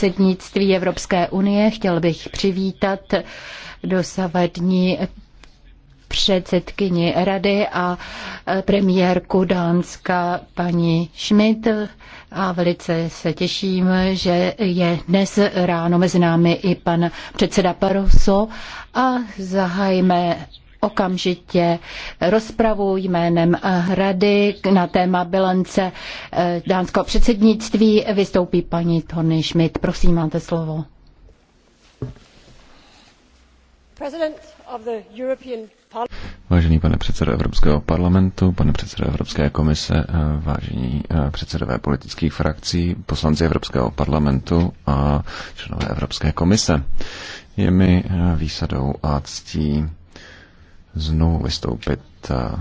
předsednictví Evropské unie. Chtěl bych přivítat dosavadní předsedkyni rady a premiérku Dánska paní Schmidt a velice se těším, že je dnes ráno mezi námi i pan předseda Barroso a zahajme okamžitě rozpravu jménem Rady na téma bilance eh, dánského předsednictví. Vystoupí paní Tony Schmidt. Prosím, máte slovo. Vážený pane předsedo Evropského parlamentu, pane předsedo Evropské komise, eh, vážení eh, předsedové politických frakcí, poslanci Evropského parlamentu a členové Evropské komise, je mi výsadou a ctí znovu vystoupit eh,